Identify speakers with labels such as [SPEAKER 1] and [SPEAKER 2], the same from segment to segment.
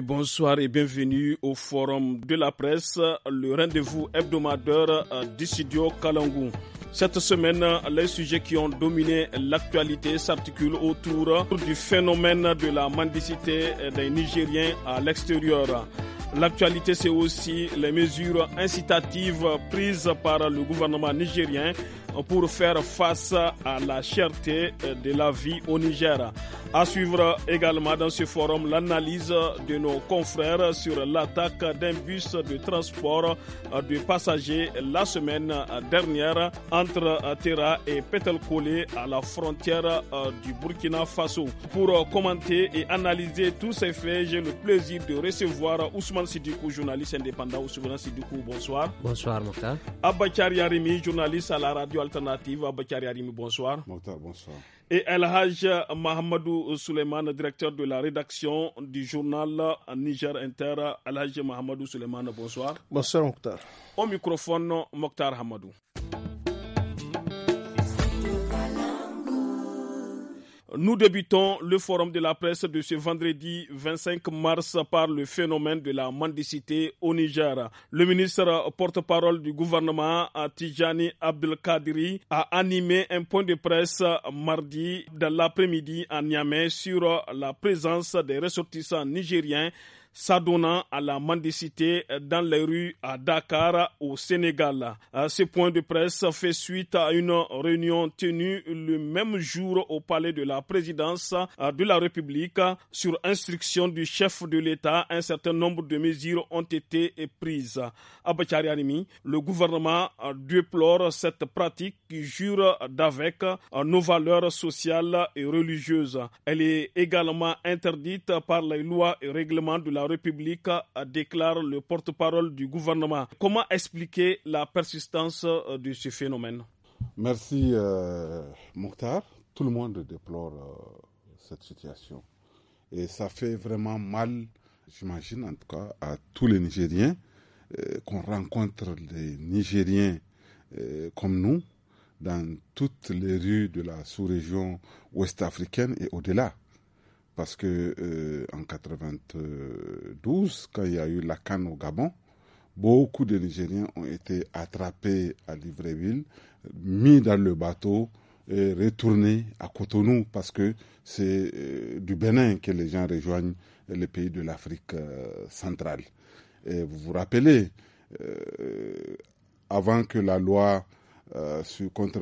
[SPEAKER 1] bonsoir et bienvenue au Forum de la presse, le rendez-vous hebdomadaire euh, du studio Kalangou. Cette semaine, les sujets qui ont dominé l'actualité s'articulent autour du phénomène de la mendicité euh, des Nigériens à l'extérieur. L'actualité, c'est aussi les mesures incitatives prises par le gouvernement nigérien pour faire face à la cherté de la vie au Niger. À suivre également dans ce forum l'analyse de nos confrères sur l'attaque d'un bus de transport de passagers la semaine dernière entre Terra et Petelkolé à la frontière euh, du Burkina Faso. Pour commenter et analyser tous ces faits, j'ai le plaisir de recevoir Ousmane Sidikou, journaliste indépendant. Ousmane Sidikou, bonsoir.
[SPEAKER 2] Bonsoir, Mokhtar.
[SPEAKER 1] Abba Yarimi, journaliste à la radio alternative. à Arimi, bonsoir.
[SPEAKER 2] bonsoir.
[SPEAKER 1] Et El Haj Mahamadou Suleiman, directeur de la rédaction du journal Niger Inter. El Haj Mahamadou Suleiman, bonsoir. Bonsoir, Mokhtar. Au microphone, Mokhtar Hamadou. Nous débutons le forum de la presse de ce vendredi 25 mars par le phénomène de la mendicité au Niger. Le ministre porte-parole du gouvernement, Tijani Abdelkadri, a animé un point de presse mardi dans l'après-midi à Niamey sur la présence des ressortissants nigériens s'adonnant à la mendicité dans les rues à Dakar au Sénégal. Ce point de presse fait suite à une réunion tenue le même jour au palais de la présidence de la République. Sur instruction du chef de l'État, un certain nombre de mesures ont été prises. Abachari le gouvernement déplore cette pratique qui jure d'avec nos valeurs sociales et religieuses. Elle est également interdite par les lois et règlements de la République, euh, déclare le porte-parole du gouvernement. Comment expliquer la persistance euh, de ce phénomène
[SPEAKER 3] Merci euh, Mokhtar. Tout le monde déplore euh, cette situation. Et ça fait vraiment mal, j'imagine en tout cas, à tous les Nigériens qu'on rencontre des Nigériens comme nous dans toutes les rues de la sous-région ouest-africaine et au-delà parce que euh, en 92, quand il y a eu la canne au Gabon, beaucoup de Nigériens ont été attrapés à Libreville, mis dans le bateau et retournés à Cotonou parce que c'est euh, du Bénin que les gens rejoignent les pays de l'Afrique euh, centrale. Et vous vous rappelez, avant que la loi contre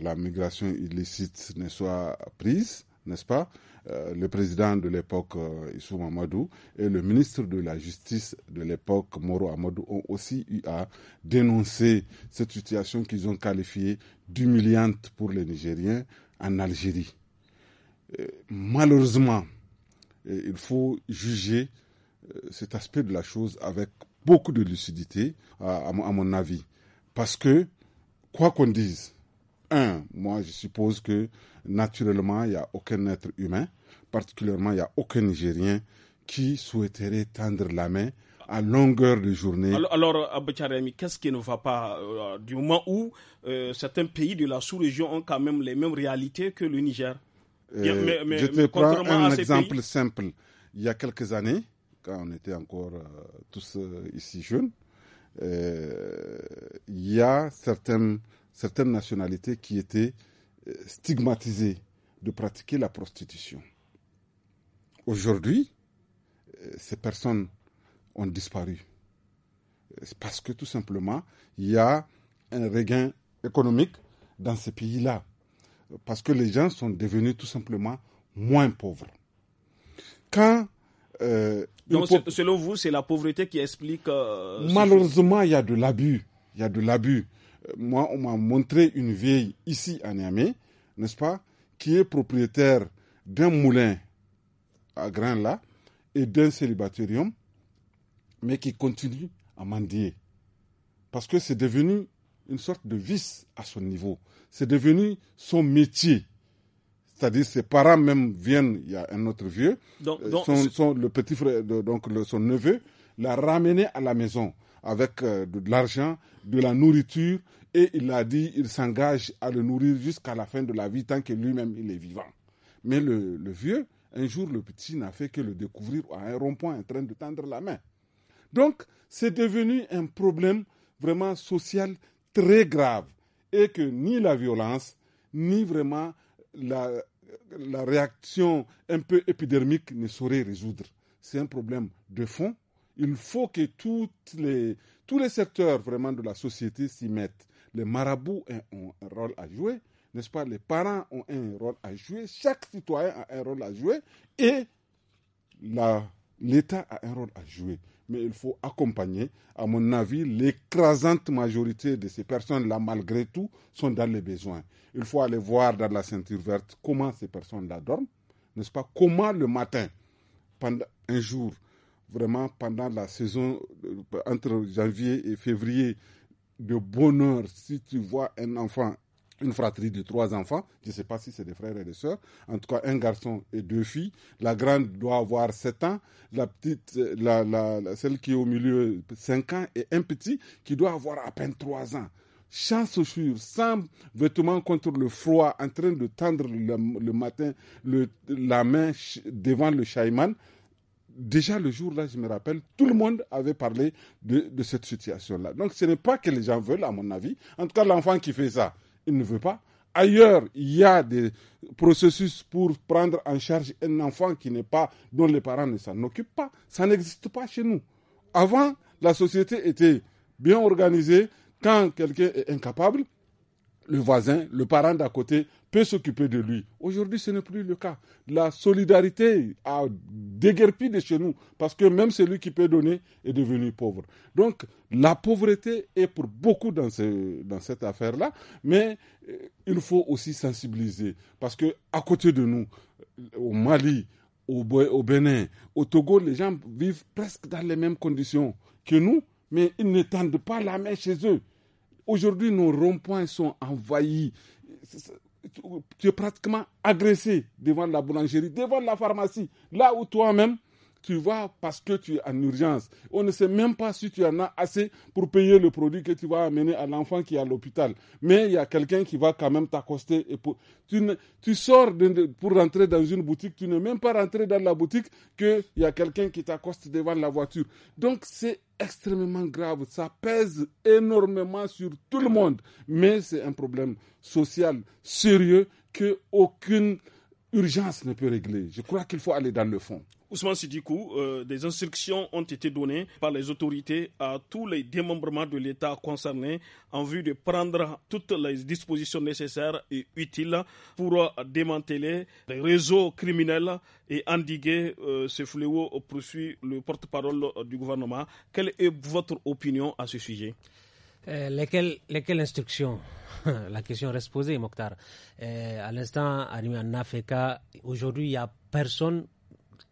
[SPEAKER 3] la migration illicite ne soit prise, n'est-ce pas euh, Le président de l'époque, euh, Amadou et le ministre de la Justice de l'époque, Moro Amadou, ont aussi eu à dénoncer cette situation qu'ils ont qualifiée d'humiliante pour les Nigériens en Algérie. Euh, malheureusement, il faut juger euh, cet aspect de la chose avec beaucoup de lucidité, à mon avis. Parce que, quoi qu'on dise, un, moi je suppose que naturellement, il n'y a aucun être humain, particulièrement il n'y a aucun Nigérien qui souhaiterait tendre la main à longueur de journée. Alors,
[SPEAKER 1] alors qu'est-ce qui ne va pas euh, du moment où euh, certains pays de la sous-région ont quand même les mêmes réalités que le Niger euh, Je te prends un exemple
[SPEAKER 3] simple. Il y a quelques années, quand on était encore tous ici jeunes, il y a certaines certaines nationalités qui étaient euh, stigmatisées de pratiquer la prostitution. Aujourd'hui, euh, ces personnes ont disparu. Euh, parce que tout simplement, il y a un regain économique dans ces pays-là. Parce que les gens sont devenus tout simplement moins pauvres. Quand. selon
[SPEAKER 1] vous, c'est la pauvreté qui explique. malheureusement,
[SPEAKER 3] il y a de l'abus. Il y a de l'abus moi, on m'a montré une vieille ici à Niamey, n'est-ce pas, qui est propriétaire d'un moulin à grains là et d'un célibatarium, mais qui continue à mendier. Parce que c'est devenu une sorte de vice à son niveau. C'est devenu son métier. C'est-à-dire ses parents même viennent, il y a un autre vieux, euh, son, le petit frère, euh, donc son neveu, l'a ramené à la maison avec euh, de l'argent, de la nourriture, et il a dit, il s'engage à le nourrir jusqu'à la fin de la vie tant que lui-même il est vivant. Mais le, vieux, un jour, le petit n'a fait que le découvrir à un rond-point en train de tendre la main. Donc, c'est devenu un problème vraiment social très grave et que ni la violence, ni vraiment la, la réaction un peu épidermique ne saurait résoudre. C'est un problème de fond il faut que toutes tous les secteurs vraiment de la société s'y mettent. Les marabouts ont un rôle à jouer, n'est-ce pas Les parents ont un rôle à jouer, chaque citoyen a un rôle à jouer et l'État a un rôle à jouer. Mais il faut accompagner, à mon avis, l'écrasante majorité de ces personnes-là, malgré tout, sont dans les besoins. Il faut aller voir dans la ceinture verte comment ces personnes-là dorment, n'est-ce pas Comment le matin, pendant un jour, vraiment pendant la saison euh, entre janvier et février de bonheur si tu vois un enfant, une fratrie de trois enfants, je ne sais pas si c'est des frères et des sœurs, en tout cas un garçon et deux filles, la grande doit avoir 7 ans, la petite, la, celle qui est au milieu 5 ans et un petit qui doit avoir à peine 3 ans. Sans chaussures, sans vêtements contre le froid, en train de tendre le, matin le, la main devant le chaïman, déjà le jour-là, je me rappelle, tout le monde avait parlé de, cette situation-là. Donc ce n'est pas que les gens veulent, à mon avis. En tout cas, l'enfant qui fait ça, il ne veut pas. Ailleurs, il y a des processus pour prendre en charge un enfant qui n'est pas, dont les parents ne s'en occupent pas. Ça n'existe pas chez nous. Avant, la société était bien organisée. Quand quelqu'un est incapable, le voisin, le parent d'à côté peut s'occuper de lui. Aujourd'hui, ce n'est plus le cas. La solidarité a déguerpi de chez nous parce que même celui qui peut donner est devenu pauvre. Donc, la pauvreté est pour beaucoup dans, cette affaire-là, mais euh, il faut aussi sensibiliser parce que à côté de nous, euh, au Mali, au, au Bénin, au Togo, les gens vivent presque dans les mêmes conditions que nous, mais ils ne tendent pas la main chez eux. Aujourd'hui, nos ronds-points sont envahis. Tu es pratiquement agressé devant la boulangerie, devant la pharmacie, là où toi-même, tu vas parce que tu es en urgence. On ne sait même pas si tu en as assez pour payer le produit que tu vas amener à l'enfant qui est à l'hôpital. Mais il y a quelqu'un qui va quand même t'accoster. tu, sors pour rentrer dans une boutique, tu n'es même pas rentré dans la boutique qu'il y a quelqu'un qui t'accoste devant la voiture. Donc c'est extrêmement grave. Ça pèse énormément sur tout le monde. Mais c'est un problème social sérieux qu'aucune urgence ne peut régler. Je crois qu'il faut aller dans le fond.
[SPEAKER 1] Ousmane Sidikou, euh, des instructions ont été données par les autorités à tous les démembrements de l'État concernés en vue de prendre toutes les dispositions nécessaires et utiles pour démanteler les réseaux criminels et endiguer euh, ce fléau, poursuit le porte-parole du gouvernement. Quelle est votre opinion à ce sujet
[SPEAKER 2] euh, lesquelles, instructions La question reste posée, Mokhtar. à l'instant, à en aujourd'hui, il n'y a personne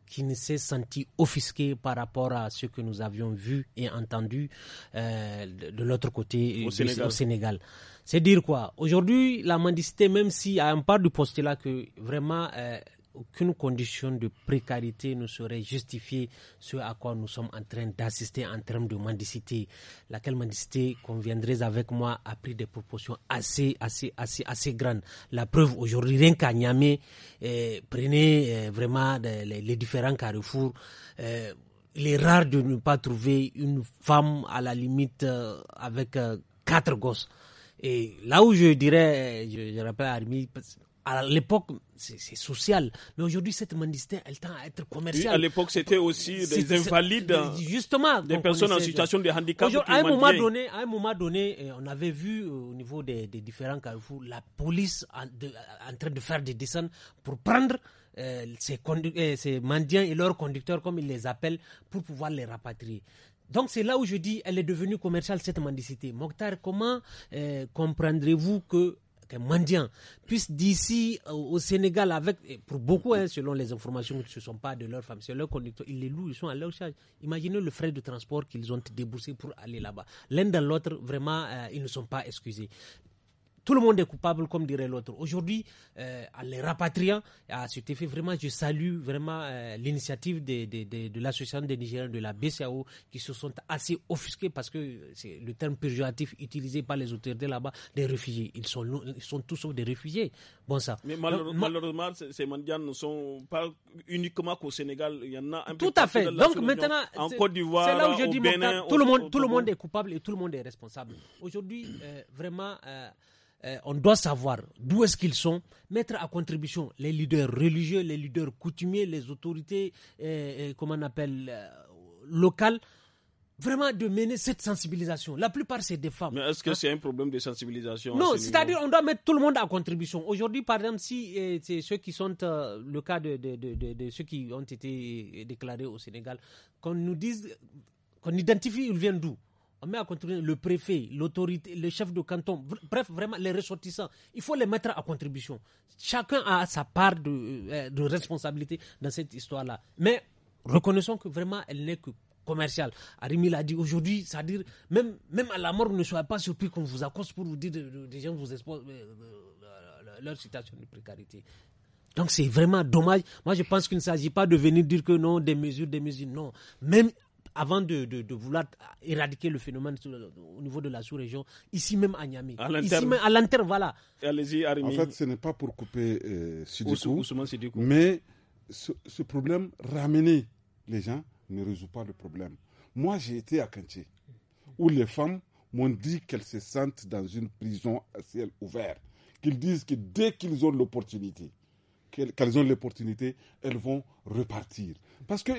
[SPEAKER 2] qui ne s'est senti offusqué par rapport à ce que nous avions vu et entendu euh, de l'autre côté euh, au Sénégal. C'est dire quoi Aujourd'hui, la mendicité, même si à un part du postulat que vraiment euh, aucune condition de précarité ne serait justifiée ce à quoi nous sommes en train d'assister en termes de mendicité, laquelle mendicité, conviendrez avec moi, a pris des proportions assez, assez, assez, assez grandes. La preuve aujourd'hui, rien qu'à Niamey, eh, prenez eh, vraiment les, différents carrefours. Eh, il est rare de ne pas trouver une femme à la limite euh, avec euh, quatre gosses. Et là où je dirais, je, rappelle à Armi, à l'époque, c'est social. Mais aujourd'hui, cette mendicité, elle tend à être commerciale. à l'époque, c'était
[SPEAKER 1] aussi des invalides, justement, des personnes en situation de handicap. À un, moment donné,
[SPEAKER 2] à un moment donné, euh, on avait vu euh, au niveau des, différents carrefours la police en, train de faire des descentes pour prendre euh, ces, mendiants et leurs conducteurs, comme ils les appellent, pour pouvoir les rapatrier. Donc c'est là où je dis, elle est devenue commerciale cette mendicité. Mokhtar, comment comprendrez-vous que qu'un mendiant puisse d'ici au Sénégal, avec, pour beaucoup, hein, selon les informations, ce ne sont pas de leurs femmes c'est leur conducteur, ils les louent, ils sont à leur charge. Imaginez le frais de transport qu'ils ont déboursé pour aller là-bas. L'un dans l'autre, vraiment, euh, ils ne sont pas excusés. Tout le monde est coupable, comme dirait l'autre. Aujourd'hui, euh, en les rapatriant, à ah, cet effet, vraiment, je salue vraiment euh, l'initiative de, de, de, de l'association des Nigériens de la BCAO qui se sont assez offusqués parce que c'est le terme péjoratif utilisé par les autorités là-bas des réfugiés. Ils sont, ils sont tous des réfugiés. Bon, ça. Mais malheureusement,
[SPEAKER 1] ces mondiales ne sont pas uniquement qu'au Sénégal. Il y en a un peu Tout à fait. Donc maintenant, en Côte d'Ivoire, c'est là où je dis, Bénin, tout, le monde, tout le monde
[SPEAKER 2] est coupable et tout le monde est responsable. Aujourd'hui, euh, vraiment. Euh, euh, on doit savoir d'où est-ce qu'ils sont, mettre à contribution les leaders religieux, les leaders coutumiers, les autorités, euh, euh, comment on appelle, locales, vraiment de mener cette sensibilisation. La plupart, c'est des femmes. Mais est-ce que hein? c'est un problème de sensibilisation Non, c'est-à-dire on doit mettre tout le monde à contribution. Aujourd'hui, par exemple, si c'est ceux qui sont le cas de, ceux qui ont été déclarés au Sénégal, qu'on nous dise, qu'on identifie, ils viennent d'où on met à contribution le préfet, l'autorité, le chef de canton, bref, vraiment les ressortissants. Il faut les mettre à contribution. Chacun a sa part euh, de, responsabilité dans cette histoire-là. Mais reconnaissons que vraiment, elle n'est que commerciale. Arimi l'a dit aujourd'hui, c'est-à-dire, même, même à la mort, ne soyez pas surpris qu'on vous accoste pour vous dire des gens vous exposent euh, euh, leur situation de précarité. Donc c'est vraiment dommage. Moi, je pense qu'il ne s'agit pas de venir dire que non, des mesures, des mesures, non. Même avant de, vouloir éradiquer le phénomène au niveau de la sous-région, ici même à Niamey. à l'interne, voilà.
[SPEAKER 1] En fait, ce
[SPEAKER 3] n'est pas pour couper euh, mais ce, problème, ramener les gens ne résout pas le problème. Moi, j'ai été à Kanché, où les femmes m'ont dit qu'elles se sentent dans une prison à ciel ouvert, qu'ils disent que dès qu'ils ont l'opportunité, qu'elles ont l'opportunité, elles vont repartir. Parce que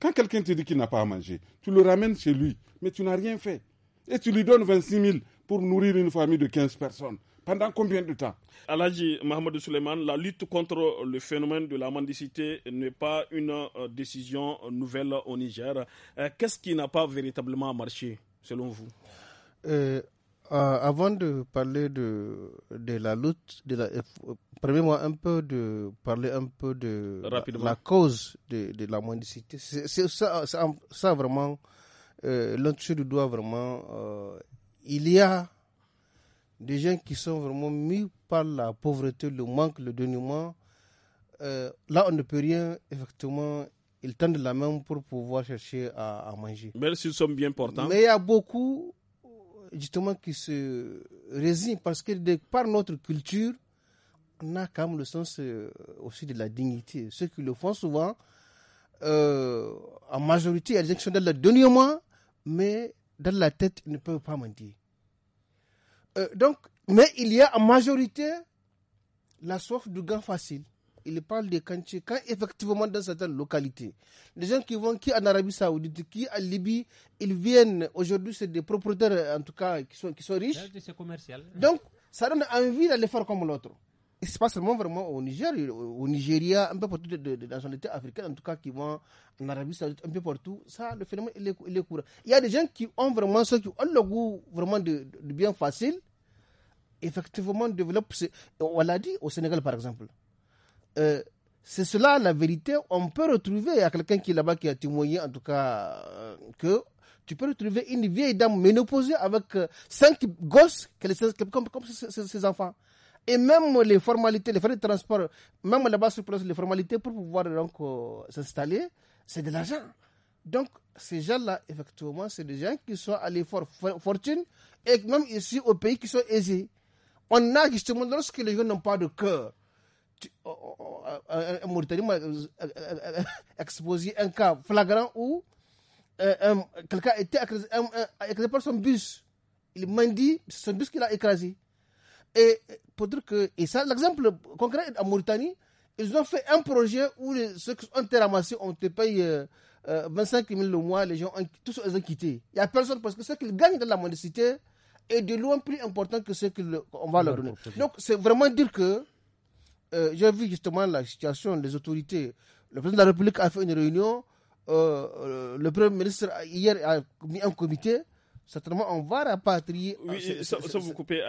[SPEAKER 3] quand quelqu'un te dit qu'il n'a pas à manger, tu le ramènes chez lui, mais tu n'as rien fait. Et tu lui donnes 26 000 pour nourrir une famille de 15 personnes. Pendant combien de temps
[SPEAKER 1] Alhaji Mohamed Suleiman, la lutte contre le phénomène de la mendicité n'est pas une euh, décision nouvelle au Niger. Euh, qu'est-ce qui n'a pas véritablement marché, selon vous
[SPEAKER 4] euh, euh, avant de parler de, de la lutte, de la, euh, permets-moi un peu de parler un peu de la, cause de, de la mendicité. C'est, ça, vraiment, euh, l'entrée du doigt, vraiment, euh, il y a des gens qui sont vraiment mis par la pauvreté, le manque, le dénuement. là, on ne peut rien, effectivement, ils tendent la main pour pouvoir chercher à, manger.
[SPEAKER 1] Mais s'ils sont bien portants. Mais il
[SPEAKER 4] y a beaucoup justement qui se résigne parce que par notre culture, on a quand même le sens euh, aussi de la dignité. Ceux qui le font souvent, euh, en majorité, elles sont dans le mais dans la tête, ils ne peuvent pas mentir. Euh, donc, mais il y a en majorité la soif du gain facile il parle des cantiers quand effectivement dans certaines localités, les gens qui vont qui en Arabie Saoudite, qui en Libye, ils viennent aujourd'hui, c'est des propriétaires euh, en tout cas qui sont, qui sont riches.
[SPEAKER 2] Commercial. Donc,
[SPEAKER 4] ça donne envie d'aller faire comme l'autre. Et c'est pas seulement vraiment au Niger, au Nigeria, un peu partout dans son état africain, en tout cas qui vont en Arabie Saoudite, un peu partout. Ça, le phénomène, il est, courant. Il y a des gens qui ont vraiment ceux qui ont le goût vraiment de, de bien facile effectivement développent On l'a dit au Sénégal, par exemple. Euh, c'est cela la vérité. On peut retrouver, il y a quelqu'un qui là-bas qui a témoigné en tout cas euh, que tu peux retrouver une vieille dame ménopausée avec euh, cinq gosses comme, comme ses, enfants. Et même les formalités, les frais de transport, même là-bas sur place, les formalités pour pouvoir donc s'installer, c'est de l'argent. Donc, ces gens-là, effectivement, c'est des gens qui sont à l'effort fortune et même ici au pays qui sont aisés. On a justement, lorsque les gens n'ont pas de cœur, Oh, oh, oh, en euh, euh, Mauritanie m'a euh, exposé un cas flagrant où quelqu'un était été écrasé par son bus. Il m'a dit, c'est son bus qu'il a écrasé. Et pour dire que, et ça, l'exemple concret en Mauritanie, ils ont fait un projet où ceux qui ont été ramassés, ont te paye 25 000 le mois, les gens, tous ils ont quitté. Il n'y a personne parce que ce qu'ils gagnent dans la mendicité est de loin plus important que ce qu'on va leur donner. Donc, c'est vraiment dire que euh, j'ai vu justement la situation des autorités. Le président de la République a fait une réunion. Euh, euh, le Premier ministre, hier, a mis un comité certainement on va rapatrier. Oui, ça, vous
[SPEAKER 1] coupez,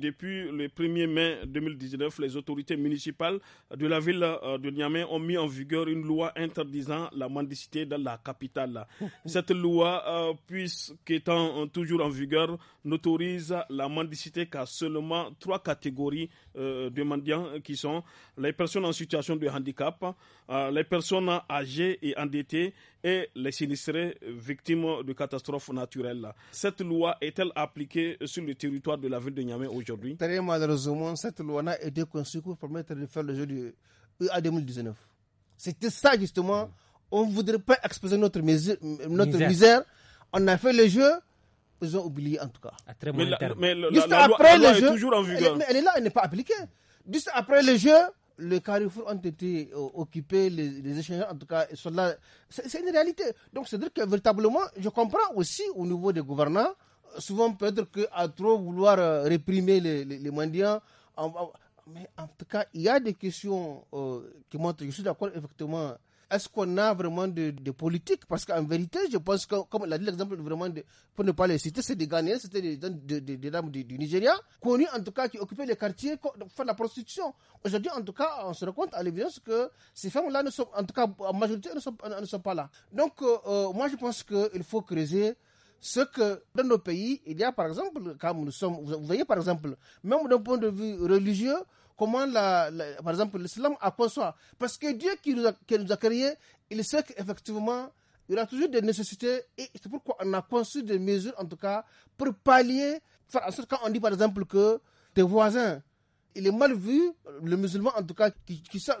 [SPEAKER 1] Depuis le 1er mai 2019, les autorités municipales de la ville euh, de Niamey ont mis en vigueur une loi interdisant la mendicité dans la capitale. Cette loi, euh, puisqu'étant euh, toujours en vigueur, n'autorise la mendicité qu'à seulement trois catégories de mendiants qui sont les personnes en situation de handicap, les personnes âgées et endettées et les sinistrés victimes de catastrophes naturelles. Cette loi est-elle appliquée sur le territoire de la ville de Niamey aujourd'hui
[SPEAKER 4] Très malheureusement, cette loi n'a été conçue pour permettre de faire le jeu de à e 2019. C'était ça justement. Mm. On ne voudrait pas exposer notre, misère, notre misère. On a fait le jeu ils ont oublié en tout cas. À
[SPEAKER 1] très mais, la, la, loi, le jeu, est toujours en vigueur. Mais
[SPEAKER 4] elle est là, elle n'est pas appliquée. Juste après le jeu, les carrefours ont été euh, occupés, les, échanges, en tout cas, sont là. C'est une réalité. Donc, c'est-à-dire que véritablement, je comprends aussi au niveau des gouvernants, souvent peut-être qu'à trop vouloir euh, réprimer les, les, mendiants, mais en tout cas, il y a des questions euh, qui montrent, je suis d'accord effectivement, est-ce qu'on a vraiment de, politiques politique Parce qu'en vérité, je pense que, comme l'a dit l'exemple vraiment, pour ne pas les citer, c'est des Ghanéens, c'était des, dames du, Nigeria, connues en tout cas, qui occupaient les quartiers pour faire la prostitution. Aujourd'hui, en tout cas, on se rend compte à l'évidence que ces femmes-là, ne sont, en tout cas, en majorité, ne sont, ne sont pas là. Donc, euh, euh, moi, je pense qu'il faut creuser ce que dans nos pays, il y a par exemple, comme nous sommes, vous voyez par exemple, même d'un point de vue religieux, comment, la, par exemple, l'islam a conçoit. Parce que Dieu qui nous a, créés, il sait qu'effectivement, il y aura toujours des nécessités et c'est pourquoi on a conçu des mesures, en tout cas, pour pallier. Faire en quand on dit par exemple que tes voisins, il est mal vu, le musulman en tout cas, qui, qui sort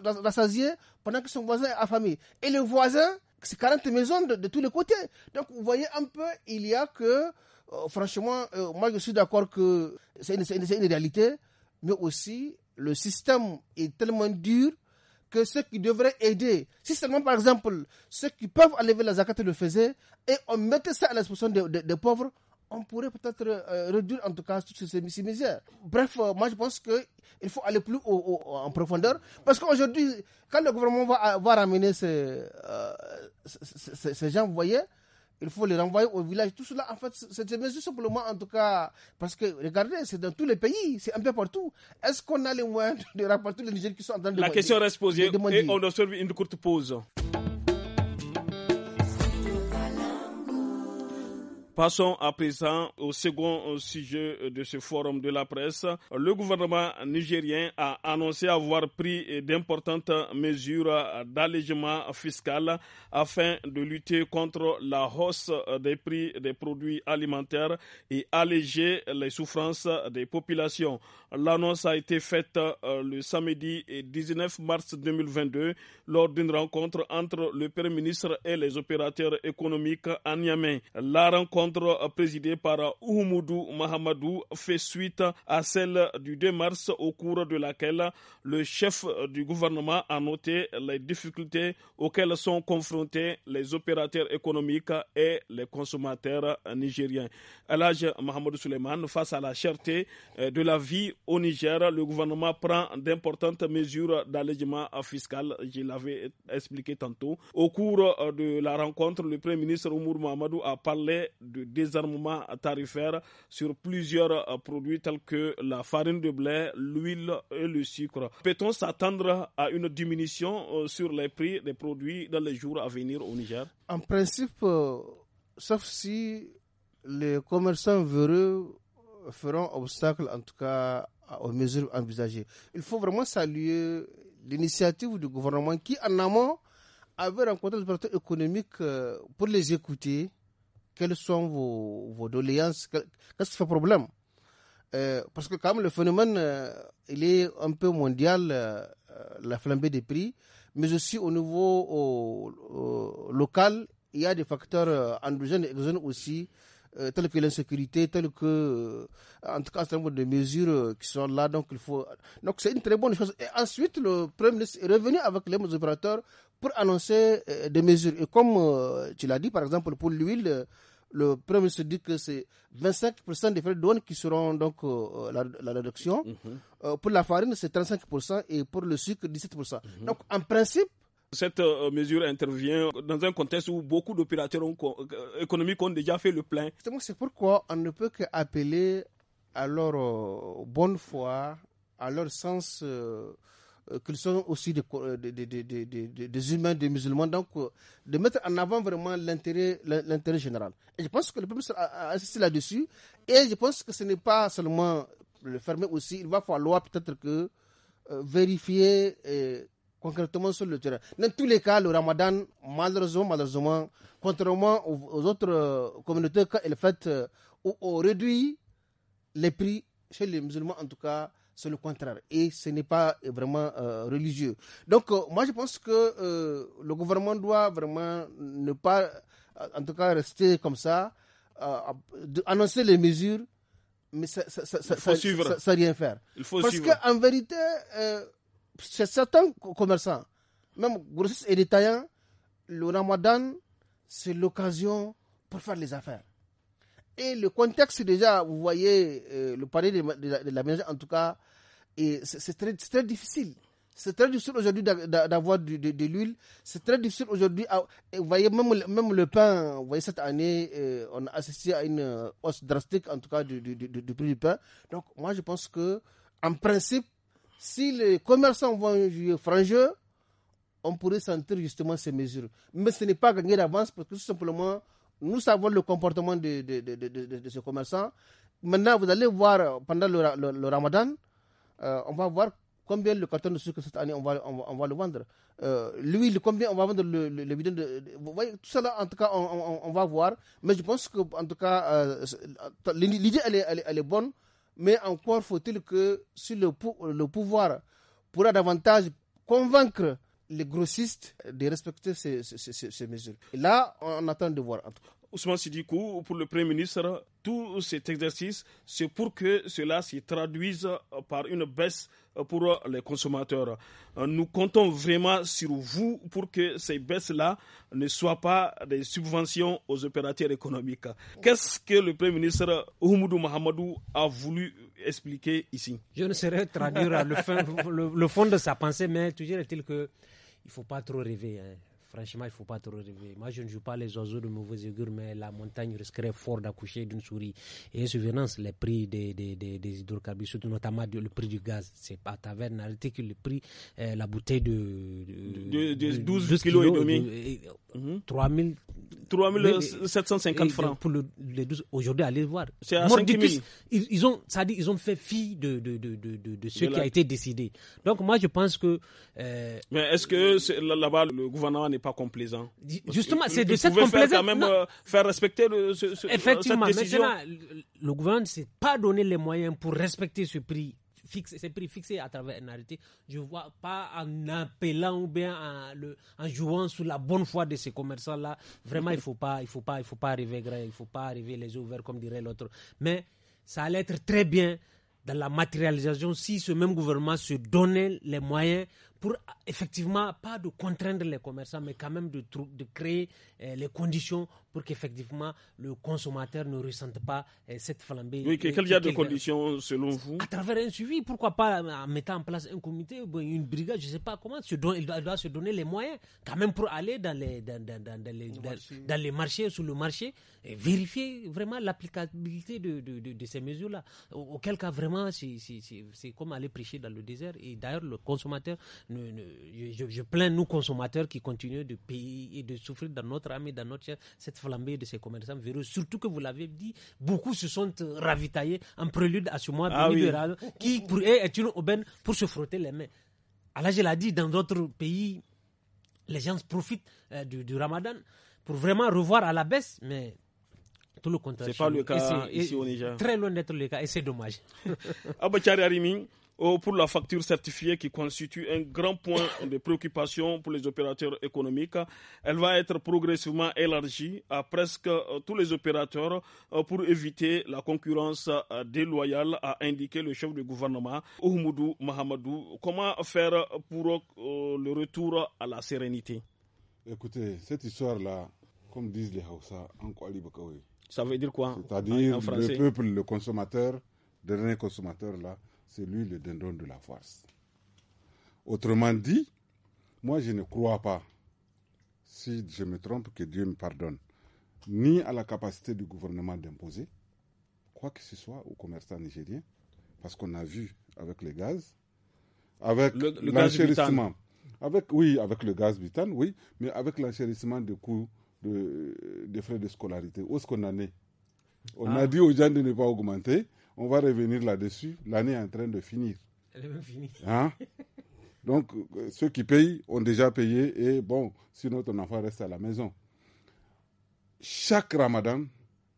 [SPEAKER 4] pendant que son voisin est affamé. Et le voisin, c'est 40 maisons de, tous les côtés. Donc vous voyez un peu, il y a que, euh, franchement, euh, moi je suis d'accord que c'est une, une réalité, mais aussi le système est tellement dur que ceux qui devraient aider, si seulement par exemple ceux qui peuvent enlever la zakat le faisaient et on mettait ça à l'exposition des, des, pauvres, on pourrait peut-être euh, réduire en tout cas toutes ces, misères. Bref, euh, moi je pense qu'il faut aller plus en profondeur parce qu'aujourd'hui, quand le gouvernement va, ramener euh, ces gens, vous voyez, il faut les renvoyer au village. Tout cela, en fait, c'est des simplement, en tout cas, parce que, regardez, c'est dans tous les pays, c'est un peu partout. Est-ce qu'on a les moyens de rapporter les Nigériens qui sont en train de La question
[SPEAKER 1] reste posée et on une courte pause. Passons à présent au second euh, sujet euh, de ce forum de la presse. Le gouvernement nigérien a annoncé avoir pris euh, d'importantes mesures d'allègement fiscal afin de lutter contre la hausse des prix des produits alimentaires et alléger les souffrances des populations. L'annonce a été faite le samedi 19 mars 2022 lors d'une rencontre entre le Premier ministre et les opérateurs économiques à Niamey. La rencontre Présidé présidée par Oumoudou Mahamadou fait suite à celle du 2 mars au cours de laquelle le chef du gouvernement a noté les difficultés auxquelles sont confrontés les opérateurs économiques et les consommateurs nigériens. À l'âge Mohamadou Suleiman, face à la cherté euh, de la vie au Niger, le gouvernement prend d'importantes mesures d'allègement fiscal, je l'avais expliqué tantôt. Au cours euh, de la rencontre, le Premier ministre Oumoudou Mahamadou a parlé de désarmement tarifaire sur plusieurs euh, produits tels que la farine de blé, l'huile et le sucre. Peut-on s'attendre à une diminution euh, sur les prix des produits dans les jours à venir au Niger
[SPEAKER 4] En principe, euh, sauf si les commerçants véreux feront obstacle en tout cas aux mesures envisagées. Il faut vraiment saluer l'initiative du gouvernement qui en amont avait rencontré les partenaires économiques pour les écouter quelles sont vos, doléances, qu'est-ce qui fait problème euh, Parce que quand le phénomène, euh, il est un peu mondial, euh, la flambée des prix, mais aussi au niveau local, il y a des facteurs endogènes et exogènes aussi, tels que l'insécurité, tels que, en tout cas, un de mesures qui sont là, donc il faut... Donc c'est une très bonne chose. Et ensuite, le Premier ministre est revenu avec les opérateurs pour annoncer des mesures. Et comme tu l'as dit, par exemple, pour l'huile, le Premier se dit que c'est 25% des frais de douane qui seront donc euh, euh, la, réduction. Mhm. Euh, pour la farine, c'est 35% et pour le sucre, 17%. Mhm. Donc,
[SPEAKER 1] en principe, cette mesure intervient dans un contexte où beaucoup d'opérateurs économiques ont déjà fait le plein.
[SPEAKER 4] C'est pourquoi on ne peut qu'appeler à leur bonne foi, à leur sens euh, qu'ils sont aussi euh, des, des, des, des, humains, des musulmans, donc euh, de mettre en avant vraiment l'intérêt, l'intérêt général. Et je pense que le peuple a insisté là-dessus, et je pense que ce n'est pas seulement le fermer aussi, il va falloir peut-être que vérifier concrètement sur le terrain. Dans tous les cas, le ramadan, malheureusement, malheureusement, contrairement aux, autres communautés, quand il fait, euh, réduit les prix chez les musulmans en tout cas, c'est le contraire. Et ce n'est pas euh, vraiment euh, religieux. Donc, euh, moi, je pense que le gouvernement doit vraiment ne pas, en tout cas, rester comme ça, annoncer les mesures, mais ça, ça, ça, rien faire. Il faut Parce qu'en vérité, c'est certains commerçants, même grossistes et détaillants, le ramadan, c'est l'occasion pour faire les affaires. Et le contexte, déjà, vous voyez, euh, le palais de, la ménage, en tout cas, c'est très, très, difficile. C'est très difficile aujourd'hui d'avoir de, l'huile. C'est très difficile aujourd'hui. Vous voyez, même, même le pain, vous voyez, cette année, euh, on a assisté à une euh, hausse drastique, en tout cas, du, prix du pain. Donc, moi, je pense que, en principe, si les commerçants vont jouer on pourrait sentir justement ces mesures. Mais ce n'est pas gagné d'avance parce que tout simplement, nous savons le comportement de, de, de, de ce commerçant. Maintenant, vous allez voir euh, pendant le, le, ramadan, euh, on va voir combien le carton de sucre cette année on va, on va, le vendre. Euh, L'huile, combien on va vendre le, le, bidon de, vous voyez, tout cela, en tout cas, on, on, va voir. Mais je pense que, en tout cas, euh, l'idée, elle, elle est, bonne. Mais encore faut-il que si le, le pouvoir pourra davantage convaincre les grossistes
[SPEAKER 1] de respecter ces, mesures. là, on attend de voir. Ousmane Sidikou, pour le Premier ministre, tout cet exercice, c'est pour que cela se traduise par une baisse pour les consommateurs. Nous comptons vraiment sur vous pour que ces baisses-là ne soient pas des subventions aux opérateurs économiques. Qu'est-ce que le Premier ministre Oumoudou Mahamadou a voulu expliquer ici Je ne saurais traduire le,
[SPEAKER 2] fond de sa pensée, mais toujours est-il que il faut pas trop rêver. Hein. Franchement, il ne faut pas trop rêver. Moi, je ne joue pas les oiseaux de mauvais augure, mais la montagne risquerait fort d'accoucher d'une souris. Et survenance, les prix des, des, des, des hydrocarbures, notamment le prix du gaz, c'est pas taverne, arrêtez que le prix, euh, la bouteille de, de, 12, kg kilos, et demi, 3750 mhm. francs. Pour les 12, aujourd'hui, allez voir. C'est à 5 Ils, ont, ça dit, ils ont fait fi de, de, de, de ce qui a été décidé. Donc, moi, je pense que, euh,
[SPEAKER 1] Mais est-ce que là-bas, le gouvernement n'est complaisant. Justement, c'est de cette complaisance. quand même euh, faire respecter le, ce, Effectivement, cette décision.
[SPEAKER 2] le gouvernement ne s'est pas donné les moyens pour respecter ce prix fixé, ces prix fixés à travers un arrêté. Je ne vois pas en appelant ou bien en, le, jouant sous la bonne foi de ces commerçants-là. Vraiment, il ne faut pas, il faut pas, il faut pas arriver il faut pas arriver les yeux ouverts comme dirait l'autre. Mais ça allait être très bien dans la matérialisation si ce même gouvernement se donnait les moyens pour effectivement pas de contraindre les commerçants, mais quand même de, de créer euh, les conditions pour qu'effectivement le consommateur ne ressente pas euh, cette flambée. Oui, quel genre de conditions
[SPEAKER 1] selon vous À
[SPEAKER 2] travers un suivi, pourquoi pas euh, en mettant en place un comité, une brigade, je ne sais pas comment, se il, doit, se donner les moyens quand même pour aller dans les, dans, dans, dans, les, les marchés, sur le marché, et vérifier vraiment l'applicabilité de, de, de, de ces mesures-là. Auquel cas, vraiment, c'est comme aller prêcher dans le désert. Et d'ailleurs, le consommateur je, plains nous consommateurs qui continuons de payer et de souffrir dans notre âme et dans notre chair cette flambée de ces commerçants véreux. Surtout que vous l'avez dit, beaucoup se sont ravitaillés en prélude à ce mois ah qui est une aubaine pour se frotter les mains. Alors je l'ai dit, dans d'autres pays, les gens profitent euh, du, ramadan pour vraiment revoir à la baisse, mais tout le contraire. C'est pas le cas ici au Niger. Très loin d'être le cas et c'est dommage. Ah bah,
[SPEAKER 1] Oh, pour la facture certifiée qui constitue un grand point de préoccupation pour les opérateurs économiques. Elle va être progressivement élargie à presque euh, tous les opérateurs euh, pour éviter la concurrence euh, déloyale, a indiqué le chef du gouvernement, Oumoudou Mohamedou. Comment faire pour le retour à la sérénité
[SPEAKER 3] Écoutez, cette histoire-là, comme disent les Hausa, ça veut dire quoi C'est-à-dire le peuple, le consommateur, le dernier consommateur là, c'est lui le dindon de la force. Autrement dit, moi je ne crois pas, si je me trompe, que Dieu me pardonne, ni à la capacité du gouvernement d'imposer quoi que ce soit aux commerçants nigériens, parce qu'on a vu avec le gaz, avec l'enchérissement. Avec, oui, avec le gaz butane, oui, mais avec l'enchérissement des coûts de, des frais de scolarité. Où est-ce qu'on en est On ah. a dit aux gens de ne pas augmenter. On va revenir là-dessus. L'année est en train de finir.
[SPEAKER 2] Elle est même finie. Hein?
[SPEAKER 3] Donc, euh, ceux qui payent ont déjà payé et bon, sinon ton enfant reste à la maison. Chaque ramadan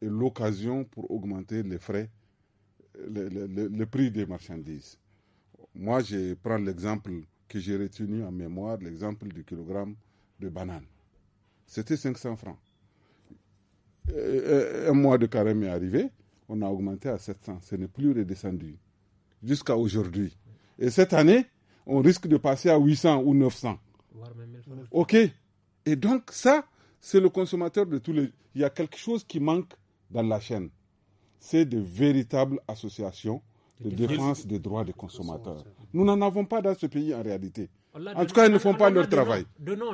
[SPEAKER 3] est l'occasion pour augmenter les frais, le, prix des marchandises. Moi, je prends l'exemple que j'ai retenu en mémoire, l'exemple du kilogramme de banane. C'était 500 francs. Euh, euh, un mois de carême est arrivé, on a augmenté à 700. Ce n'est plus redescendu jusqu'à aujourd'hui. Et cette année, on risque de passer à 800 ou 900. OK. Et donc ça, c'est le consommateur de tous les... Il y a quelque chose qui manque dans la chaîne. C'est de véritables associations de défense des droits des consommateurs. Nous n'en avons pas dans ce pays en réalité. En tout cas, ils ne font pas leur travail.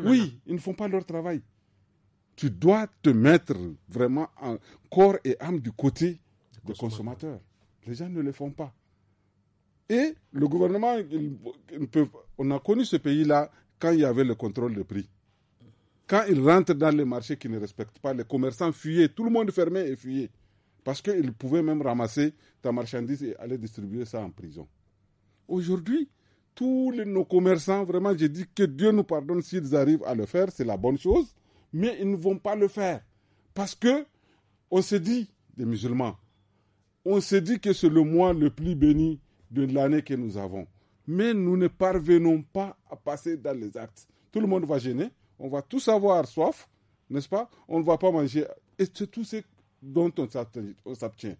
[SPEAKER 3] Oui, ils ne font pas leur travail. Tu dois te mettre vraiment corps et âme du côté de consommateurs. Les gens ne le font pas. Et le gouvernement, on a connu ce pays-là quand il y avait le contrôle des prix. Quand ils rentrent dans les marchés qui ne respectent pas, les commerçants fuyaient, tout le monde fermait et fuyait. Parce qu'ils pouvaient même ramasser ta marchandise et aller distribuer ça en prison. Aujourd'hui, tous nos commerçants, vraiment, j'ai dit que Dieu nous pardonne s'ils arrivent à le faire, c'est la bonne chose, mais ils ne vont pas le faire. Parce que, on se dit, des musulmans, on se dit que c'est le mois le plus béni de l'année que nous avons. Mais nous ne parvenons pas à passer dans les actes. Tout le monde va gêner, on va tous avoir soif, n'est-ce pas On ne va pas manger. Et c'est tout ce dont on s'abstient.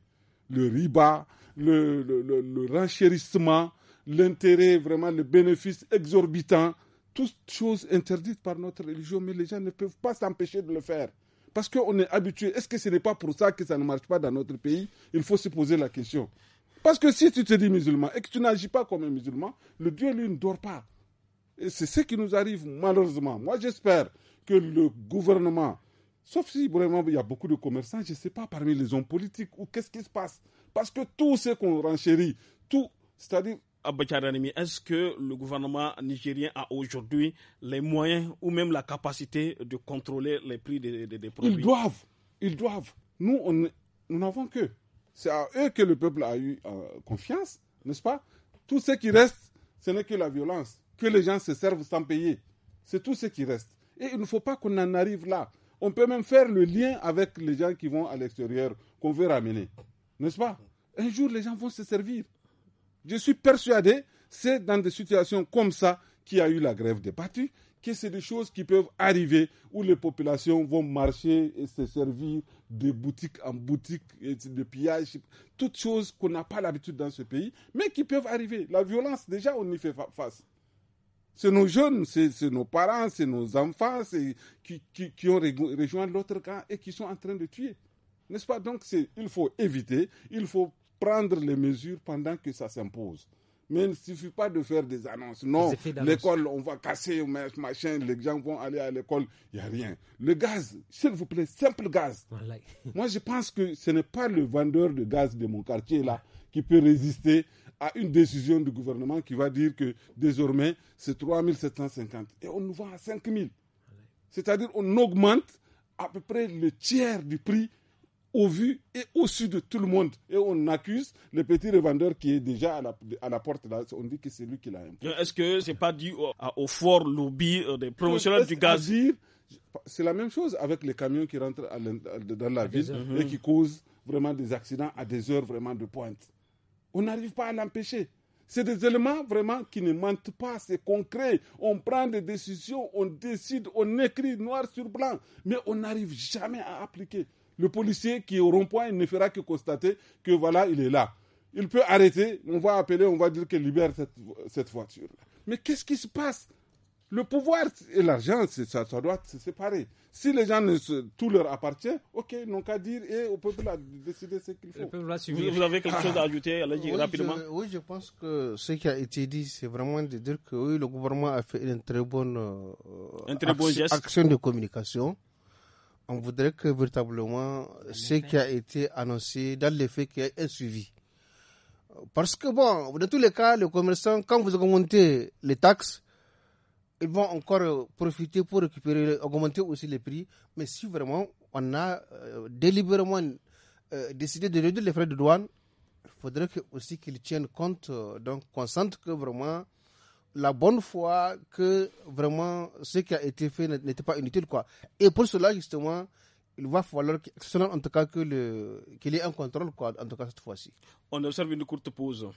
[SPEAKER 3] Le riba, le renchérissement, l'intérêt, vraiment le bénéfice exorbitant, toutes choses interdites par notre religion, mais les gens ne peuvent pas s'empêcher de le faire. Parce qu'on est habitué. Est-ce que ce n'est pas pour ça que ça ne marche pas dans notre pays Il faut se poser la question. Parce que si tu te dis musulman et que tu n'agis pas comme un musulman, le Dieu, lui, ne dort pas. Et c'est ce qui nous arrive, malheureusement. Moi, j'espère que le gouvernement, sauf si vraiment il y a beaucoup de commerçants, je ne sais pas, parmi les hommes politiques, ou qu'est-ce qui se passe. Parce que tout ce qu'on renchérit, tout, c'est-à-dire
[SPEAKER 1] est-ce que le gouvernement nigérien a aujourd'hui les moyens ou même la capacité de contrôler les prix des, produits Ils
[SPEAKER 3] doivent, ils doivent. Nous, nous n'avons que. C'est à eux que le peuple a eu euh, confiance, n'est-ce pas Tout ce qui reste, ce n'est que la violence, que les gens se servent sans payer. C'est tout ce qui reste. Et il ne faut pas qu'on en arrive là. On peut même faire le lien avec les gens qui vont à l'extérieur, qu'on veut ramener. N'est-ce pas Un jour, les gens vont se servir. Je suis persuadé, c'est dans des situations comme ça qu'il y a eu la grève des battues, que c'est des choses qui peuvent arriver où les populations vont marcher et se servir de boutique en boutique, de pillage, toutes choses qu'on n'a pas l'habitude dans ce pays, mais qui peuvent arriver. La violence, déjà, on y fait face. C'est nos jeunes, c'est nos parents, c'est nos enfants qui, qui, qui, ont rejoint l'autre camp et qui sont en train de tuer. N'est-ce pas Donc, il faut éviter, il faut prendre les mesures pendant que ça s'impose. Mais il ne suffit pas de faire des annonces. Non, l'école, on va casser, machin, les gens vont aller à l'école, il n'y a rien. Le gaz, s'il vous plaît, simple gaz. Moi, je pense que ce n'est pas le vendeur de gaz de mon quartier là qui peut résister à une décision du gouvernement qui va dire que désormais, c'est 3750 et on nous vend à 5000. 000. C'est-à-dire on augmente à peu près le tiers du prix au vu et au su de tout le monde. Et on accuse le petit revendeur qui est déjà à la, porte. Là. On dit que c'est lui qui l'a imposé.
[SPEAKER 1] Est-ce que n'est pas dû au, fort lobby euh, des promotionnels du gaz
[SPEAKER 3] C'est la même chose avec les camions qui rentrent dans la ville et mhm. qui causent vraiment des accidents à des heures vraiment de pointe. On n'arrive pas à l'empêcher. C'est des éléments vraiment qui ne mentent pas, c'est concret. On prend des décisions, on décide, on écrit noir sur blanc, mais on n'arrive jamais à appliquer. Le policier qui est au rond-point, ne fera que constater que voilà, il est là. Il peut arrêter, on va appeler, on va dire qu'il libère cette, voiture. -là. Mais qu'est-ce qui se passe Le pouvoir et l'argent, ça, doit se séparer. Si les gens, tout leur appartient, ok, ils n'ont qu'à dire et eh, au peuple à décider ce qu'il faut.
[SPEAKER 4] Vous, avez quelque ah. chose à ajouter, rapidement Oui, je pense que ce qui a été dit, c'est vraiment de dire que oui, le gouvernement a fait une très bonne, euh, action de communication on voudrait que véritablement ce qui a été annoncé dans les faits qui est suivi. Parce que bon, dans tous les cas, les commerçants, quand vous augmentez les taxes, ils vont encore profiter pour récupérer, augmenter aussi les prix. Mais si vraiment on a euh, délibérément euh, décidé de réduire les frais de douane, il faudrait aussi qu'ils tiennent compte, euh, donc qu'on sente que vraiment la bonne foi que vraiment ce qui a été fait n'était pas inutile. Quoi. Et pour cela, justement, il va falloir, en tout cas, qu'il
[SPEAKER 1] y ait un contrôle, quoi, en tout cas cette fois-ci. On observe une courte pause.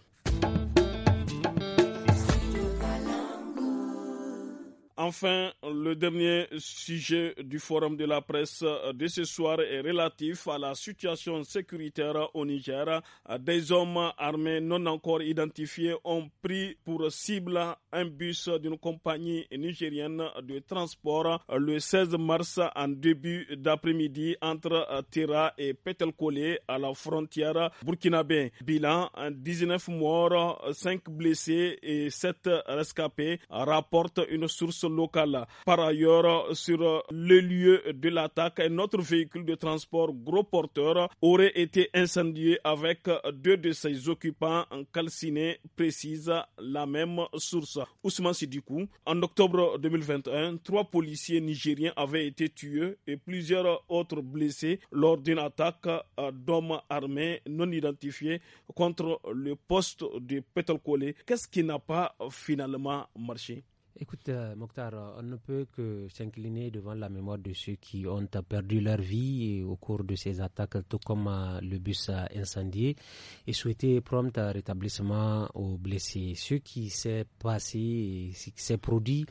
[SPEAKER 1] Enfin, le dernier sujet du forum de la presse euh, de ce soir est relatif à la situation sécuritaire au Niger. Des hommes armés non encore identifiés ont pris pour cible un bus d'une compagnie nigérienne de transport le 16 mars en début d'après-midi entre euh, Tira et Petelkolé à la frontière burkinabé. Bilan 19 morts, 5 blessés et 7 rescapés rapporte une source par ailleurs, sur le lieu de l'attaque, un autre véhicule de transport gros porteur aurait été incendié avec deux de ses occupants calcinés, précise la même source. Ousmane Sidikou, en octobre 2021, trois policiers nigériens avaient été tués et plusieurs autres blessés lors d'une attaque d'hommes armés non identifiés contre le poste de Collé. Qu'est-ce qui n'a pas finalement marché
[SPEAKER 2] Écoute, euh, Mokhtar, on ne peut que s'incliner devant la mémoire de ceux qui ont perdu leur vie au cours de ces attaques, tout comme euh, le bus incendié, et souhaiter prompt rétablissement aux blessés. Ce qui s'est passé, ce qui s'est produit,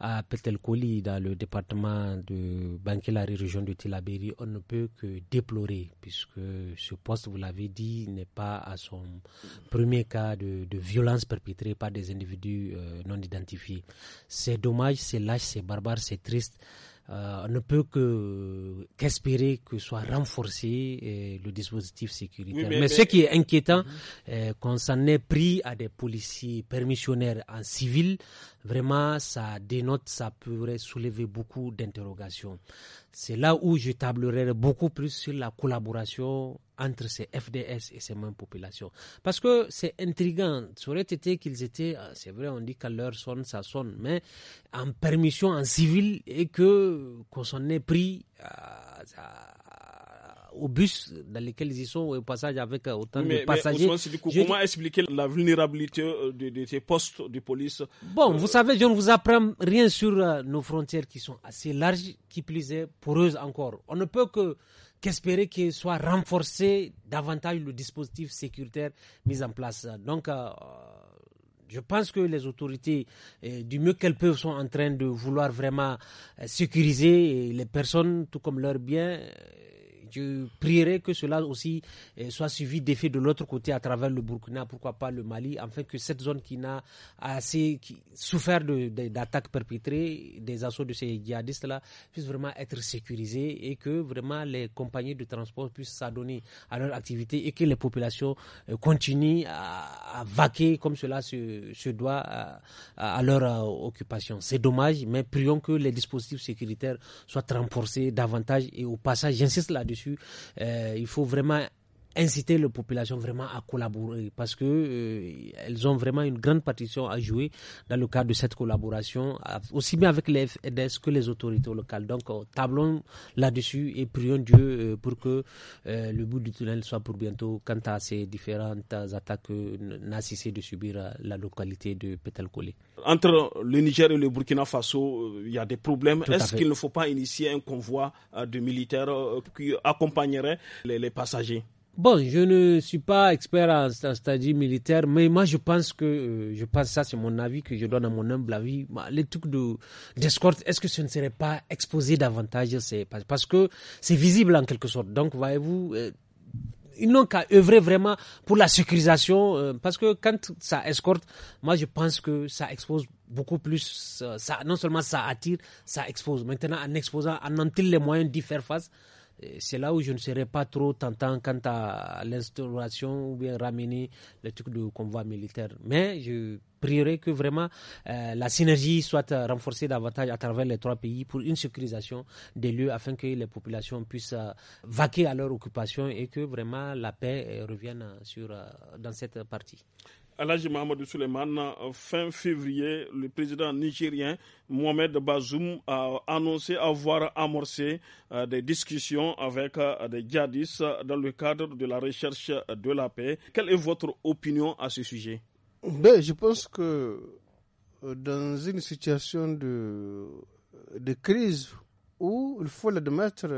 [SPEAKER 2] à Petelkoli, dans le département de Bankilari, région de Tilaberi, on ne peut que déplorer, puisque ce poste, vous l'avez dit, n'est pas à son premier cas de, violence perpétrée par des individus euh, non identifiés. C'est dommage, c'est lâche, c'est barbare, c'est triste. Euh, on ne peut que, qu'espérer que soit renforcé euh, le dispositif sécuritaire. mais, ce qui est inquiétant, quand mhm. euh, ça qu'on s'en est pris à des policiers permissionnaires en civil, vraiment, ça dénote, ça pourrait soulever beaucoup d'interrogations. C'est là où je tablerai beaucoup plus sur la collaboration entre ces FDS et ces mêmes populations. Parce que c'est intrigant. Ça aurait été qu'ils étaient, euh, c'est vrai, on dit qu'à l'heure sonne, ça sonne, mais en permission, en civil, et que qu'on s'en est pris au bus dans lesquels ils sont, au passage avec euh, autant de passagers. Mais comment
[SPEAKER 1] expliquer la vulnérabilité euh, de, ces postes de police Bon, vous savez,
[SPEAKER 2] je ne vous apprends rien sur nos frontières qui sont assez larges, qui plus est poreuses encore. On ne peut que qu'espérer qu'il soit renforcé davantage le dispositif sécuritaire mis en place. Donc, euh, je pense que les autorités, euh, du mieux qu'elles peuvent, sont en train de vouloir vraiment euh, sécuriser les personnes, tout comme leurs biens. Je prierai que cela aussi euh, soit suivi d'effets de l'autre côté à travers le Burkina, pourquoi pas le Mali, afin que cette zone qui n'a assez qui souffert d'attaques perpétrées, des assauts de ces djihadistes-là, puisse vraiment être sécurisée et que vraiment les compagnies de transport puissent s'adonner à leur activité et que les populations euh, continuent à, vaquer comme cela se, doit à, leur euh, occupation. C'est dommage, mais prions que les dispositifs sécuritaires soient renforcés davantage et au passage, j'insiste là-dessus, euh, il faut vraiment inciter les populations vraiment à collaborer parce que euh, elles ont vraiment une grande partition à jouer dans le cadre de cette collaboration, aussi bien avec les FEDES que les autorités locales. Donc, euh, tablons là-dessus et prions Dieu euh, pour que le bout du tunnel soit pour bientôt quant à ces différentes attaques que de subir la localité de Pétalcolé.
[SPEAKER 1] Entre le Niger et le Burkina Faso, il y a des problèmes. Est-ce qu'il ne faut pas initier un convoi de militaires qui accompagnerait les passagers
[SPEAKER 2] Bon, je ne suis pas expert en, stratégie militaire, mais moi je pense que, euh, je pense ça, c'est mon avis que je donne à mon humble avis. Les trucs d'escorte, est-ce que ce ne serait pas exposé davantage Parce que c'est visible en quelque sorte. Donc, voyez-vous, il euh, ils n'ont qu'à œuvrer vraiment pour la sécurisation, euh, parce que quand ça escorte, moi je pense que ça expose beaucoup plus, ça, non seulement ça attire, ça expose. Maintenant, en exposant, en ont-ils les moyens d'y faire face c'est là où je ne serais pas trop tentant quant à l'instauration ou bien ramener le truc de convoi militaire. Mais je prierai que vraiment euh, la synergie soit renforcée davantage à travers les trois pays pour une sécurisation des lieux afin que les populations puissent euh, vaquer à leur occupation et que vraiment la paix euh, revienne sur, dans cette partie
[SPEAKER 1] de Mahamadou Souleymane, euh, fin février, le président nigérien Mohamed Bazoum a annoncé avoir amorcé euh, des discussions avec euh, des djihadistes dans le cadre de la recherche de la paix. Quelle est votre opinion à ce sujet
[SPEAKER 4] ben, Je pense que dans une situation de, de crise où il faut l'admettre,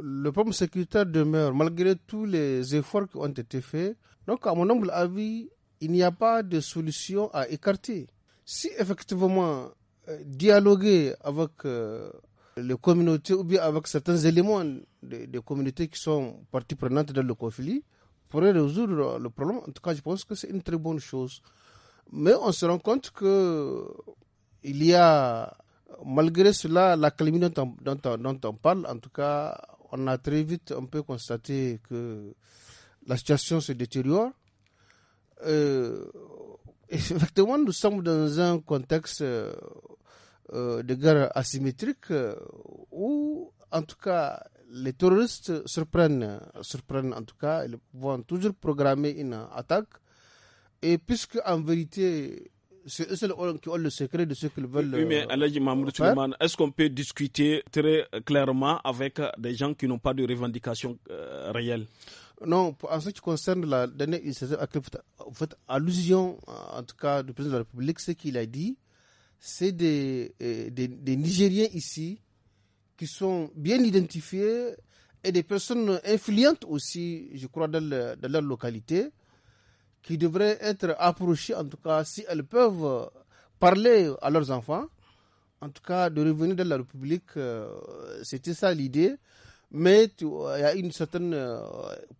[SPEAKER 4] le problème sécuritaire demeure malgré tous les efforts qui ont été faits donc, à mon humble avis, il n'y a pas de solution à écarter. Si effectivement euh, dialoguer avec euh, les communautés ou bien avec certains éléments des communautés qui sont parties prenantes dans le conflit pourrait résoudre le problème, en tout cas, je pense que c'est une très bonne chose. Mais on se rend compte que il y a, malgré cela, la calamité dont, on parle, en tout cas, on a très vite un peu constaté que la situation se détériore. Euh, effectivement, nous sommes dans un contexte euh, euh, de guerre asymétrique où, en tout cas, les terroristes surprennent, surprennent en tout cas, ils vont toujours programmer une attaque. Et puisque, en vérité, c'est eux qui ont le secret de ce qu'ils veulent. Oui, mais
[SPEAKER 1] est-ce qu'on peut discuter très clairement avec des gens qui n'ont pas de revendications réelle réelles non, en ce qui concerne la dernière
[SPEAKER 4] allusion, en tout cas, du président de la République, ce qu'il a dit, c'est des, euh, Nigériens ici qui sont bien identifiés et des personnes influentes aussi, je crois, dans, leur localité, qui devraient être approchés en tout cas, si elles peuvent parler à leurs enfants, en tout cas, de revenir dans la République. Euh, c'était ça l'idée. Mais il y a une certaine euh,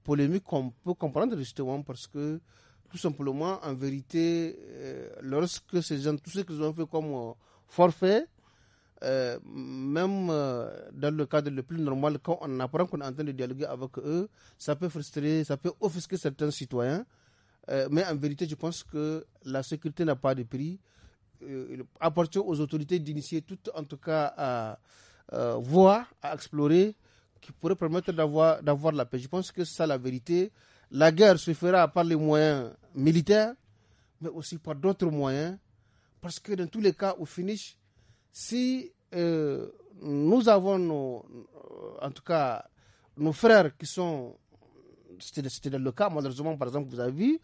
[SPEAKER 4] polémique qu'on peut comprendre justement parce que tout simplement, en vérité, euh, lorsque ces gens, tout ce qu'ils ont fait comme euh, forfait, même dans le cadre le plus normal, quand on apprend qu'on est en train de dialoguer avec eux, ça peut frustrer, ça peut offusquer certains citoyens. mais en vérité, je pense que la sécurité n'a pas de prix. il appartient aux autorités d'initier tout, en tout cas, à, voir, à explorer qui pourrait permettre d'avoir, d'avoir la paix. Je pense que c'est ça la vérité. La guerre se fera par les moyens militaires, mais aussi par d'autres moyens, parce que dans tous les cas, au finish, si euh, nous avons, nos, euh, en tout cas, nos frères qui sont, c'était le cas, malheureusement, par exemple, vous avez vu,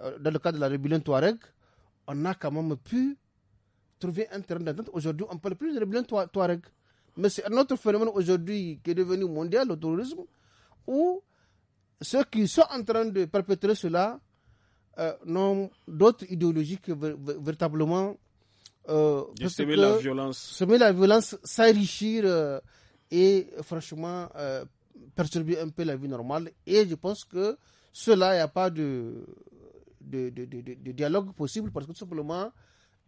[SPEAKER 4] euh, dans le cas de la rébellion Touareg, on a quand même pu trouver un terrain d'entente. Aujourd'hui, on ne parle plus de rébellion Touareg mais c'est un autre phénomène aujourd'hui qui est devenu mondial, le terrorisme, où ceux qui sont en train de perpétrer cela euh, n'ont d'autres idéologies que véritablement euh, semer la violence. Semer la violence, s'enrichir euh, et franchement euh, perturber un peu la vie normale. Et je pense que cela, il n'y a pas de de, de, dialogue possible parce que tout simplement,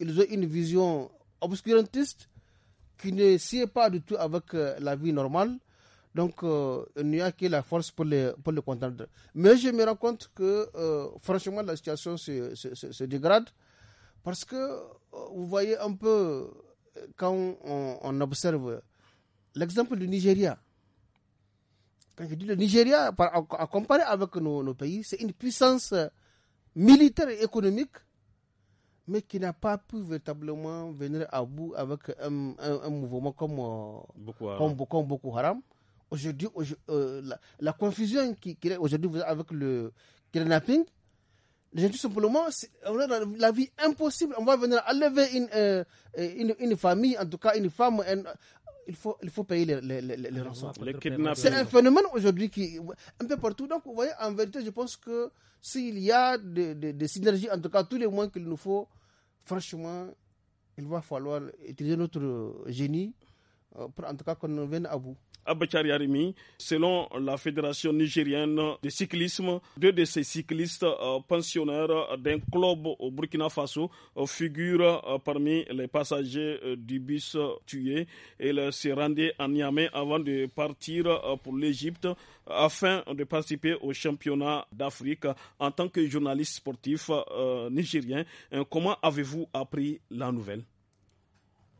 [SPEAKER 4] ils ont une vision obscurantiste qui ne est pas du tout avec euh, la vie normale. Donc, euh, il n'y a que la force pour le, pour le contendre. Mais je me rends compte que, euh, franchement, la situation se, dégrade parce que vous voyez un peu, quand on, observe l'exemple du Nigeria, quand je dis le Nigeria, à, comparer avec nos pays, c'est une puissance militaire et économique mais qui n'a pas pu véritablement venir à bout avec un, mouvement euh, comme, Boko Haram. Comme, Haram. Aujourd'hui, euh, la, confusion qui, est aujourd'hui avec le kidnapping, j'ai simplement, on a la vie impossible. On va venir enlever une, euh, une, une, famille, en tout cas une femme. il, faut, il faut payer les, les, les, C'est un phénomène aujourd'hui qui un peu partout. Donc, vous voyez, en vérité, je pense que s'il y a des synergies, en tout cas, tous les moyens qu'il nous faut franchement, il va falloir utiliser notre euh, génie euh, pour en tout cas qu'on vienne à bout.
[SPEAKER 1] Abachari Arimi. Selon la Fédération nigérienne de cyclisme, deux de ces cyclistes euh, pensionnaires d'un club au Burkina Faso euh, figurent euh, parmi les passagers du bus tué. Ils se rendaient à Niamey avant de partir pour l'Égypte afin de participer au championnat d'Afrique en tant que journaliste sportif nigérien. Comment avez-vous appris la nouvelle?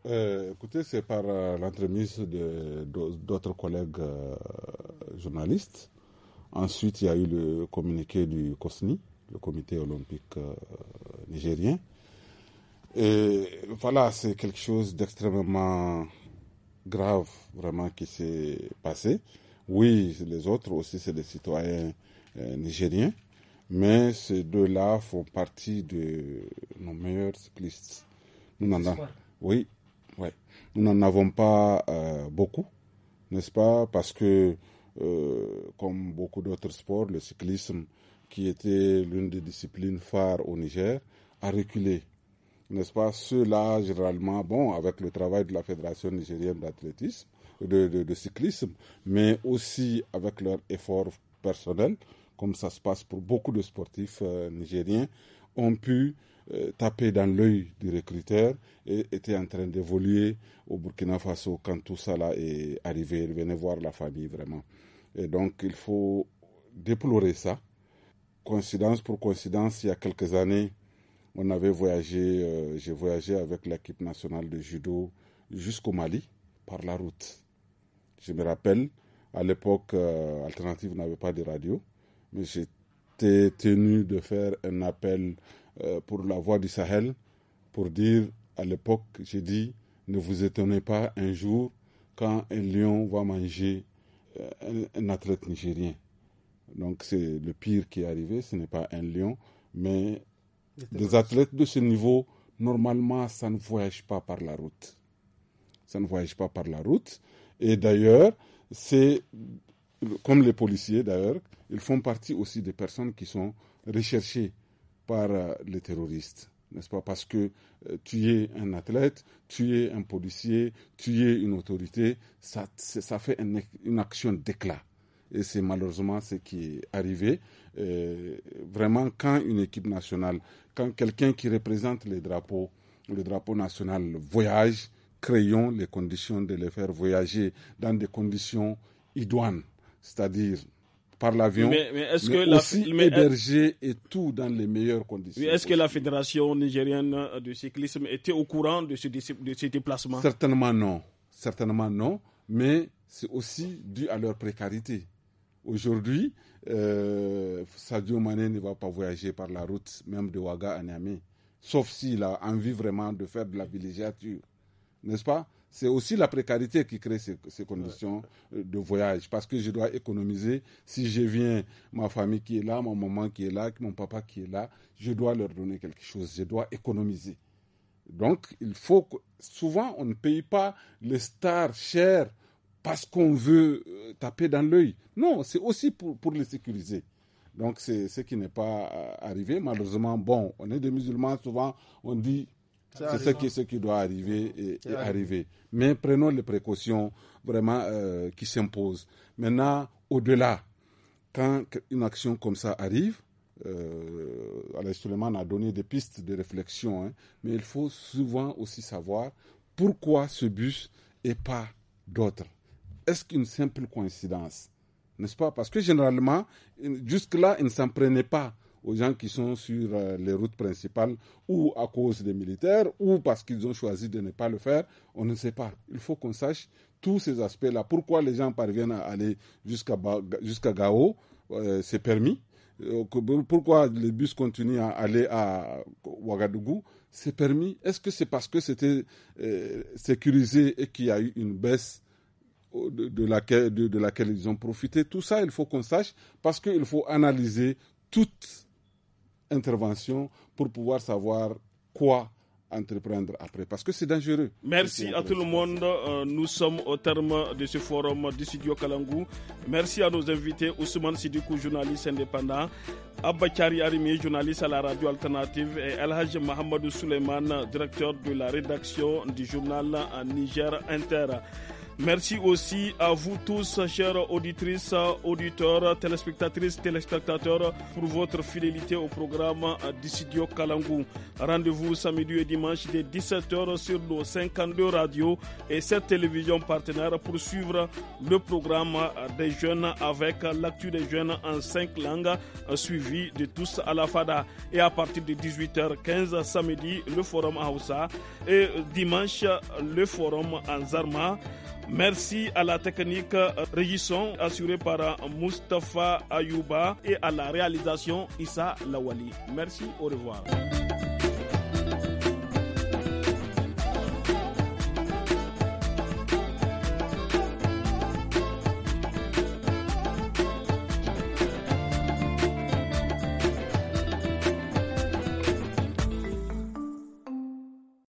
[SPEAKER 3] Euh, écoutez, c'est par euh, l'entremise d'autres collègues euh, journalistes. Ensuite, il y a eu le communiqué du COSNI, le Comité olympique nigérien. Et voilà, c'est quelque chose d'extrêmement grave, vraiment, qui s'est passé. Oui, les autres aussi, c'est des citoyens nigériens, mais ces deux-là font partie de nos meilleurs cyclistes. Nous en avons. Oui, Ouais. Nous n'en avons pas euh, beaucoup, n'est-ce pas Parce que, euh, comme beaucoup d'autres sports, le cyclisme, qui était l'une des disciplines phares au Niger, a reculé. N'est-ce pas Ceux-là, généralement, bon, avec le travail de la Fédération nigérienne d'athlétisme, de, de, cyclisme, mais aussi avec leur effort personnel, comme ça se passe pour beaucoup de sportifs euh, nigériens, ont pu euh, tapé dans l'œil du recruteur et était en train d'évoluer au Burkina Faso quand tout ça est arrivé. Il venait voir la famille vraiment. Et donc il faut déplorer ça. Coïncidence pour coïncidence, il y a quelques années, on avait voyagé, euh, j'ai voyagé avec l'équipe nationale de judo jusqu'au Mali par la route. Je me rappelle, à l'époque, euh, Alternative n'avait pas de radio, mais j'étais tenu de faire un appel euh, pour la voix du Sahel pour dire à l'époque, j'ai dit, ne vous étonnez pas un jour quand un lion va manger euh, un, athlète nigérien. Donc c'est le pire qui est arrivé, ce n'est pas un lion, mais des athlètes de ce niveau, normalement, ça ne voyage pas par la route. Ça ne voyage pas par la route. Et d'ailleurs, c'est comme les policiers d'ailleurs, ils font partie aussi des personnes qui sont recherchées par euh, les terroristes, n'est-ce pas Parce que euh, tuer un athlète, tuer un policier, tuer une autorité, ça, ça fait une, action d'éclat. Et c'est malheureusement ce qui est arrivé. Euh, vraiment, quand une équipe nationale, quand quelqu'un qui représente les drapeaux, le drapeau national voyage, créons les conditions de les faire voyager dans des conditions idoines, c'est-à-dire par l'avion, mais, est-ce que aussi la, et tout dans les meilleures conditions. est-ce que
[SPEAKER 1] la Fédération nigérienne du cyclisme était au courant de ce, de déplacement
[SPEAKER 3] Certainement non. Certainement non, mais c'est aussi dû à leur précarité. Aujourd'hui, euh, Sadio Mané ne va pas voyager par la route, même de Ouaga à Niamey, sauf s'il a envie vraiment de faire de la villégiature, n'est-ce pas c'est aussi la précarité qui crée ces, conditions euh, de voyage. Parce que je dois économiser. Si je viens, ma famille qui est là, mon maman qui est là, mon papa qui est là, je dois leur donner quelque chose. Je dois économiser. Donc, il faut que, souvent, on ne paye pas les stars chères parce qu'on veut euh, taper dans l'œil. Non, c'est aussi pour les sécuriser. Donc, c'est ce qui n'est pas euh, arrivé. Malheureusement, bon, on est des musulmans, souvent, on dit c'est ce qui, doit arriver et, arriver. Mais prenons les précautions vraiment euh, qui s'imposent. Maintenant, au-delà, quand une action comme ça arrive, euh, Alain Suleiman a donné des pistes de réflexion, hein, mais il faut souvent aussi savoir pourquoi ce bus et pas d'autres. Est-ce qu'une simple coïncidence N'est-ce pas Parce que généralement, jusque-là, ils ne s'en prenaient pas aux gens qui sont sur euh, les routes principales ou à cause des militaires ou parce qu'ils ont choisi de ne pas le faire. On ne sait pas. Il faut qu'on sache tous ces aspects-là. Pourquoi les gens parviennent à aller jusqu'à jusqu'à Gao, euh, c'est permis. Euh, pourquoi les bus continuent à aller à Ouagadougou, c'est permis. Est-ce que c'est parce que c'était sécurisé et qu'il y a eu une baisse de, de laquelle ils ont profité Tout ça, il faut qu'on sache parce qu'il faut analyser toutes intervention pour pouvoir savoir quoi entreprendre après, parce que c'est dangereux.
[SPEAKER 1] Merci à tout le monde. Euh, nous sommes au terme de ce forum du studio Kalangou. Merci à nos invités, Ousmane Sidikou, journaliste indépendant, Kari Arimi, journaliste à la radio alternative, et Elhaj Mohamedou Suleiman, directeur de la rédaction du journal Niger Inter. Merci aussi à vous tous, chers auditrices, auditeurs, téléspectatrices, téléspectateurs, pour votre fidélité au programme Dissidio Kalangou. Rendez-vous samedi et dimanche dès 17h sur nos 52 radios et 7 télévisions partenaires pour suivre le programme des jeunes avec l'actu des jeunes en 5 langues suivi de tous à la FADA. Et à partir de 18h15 samedi, le forum à Oussa et dimanche, le forum en Zarma. Merci à la technique euh, Régisson assurée par euh, Mustapha Ayouba et à la réalisation Issa Lawali. Merci, au revoir.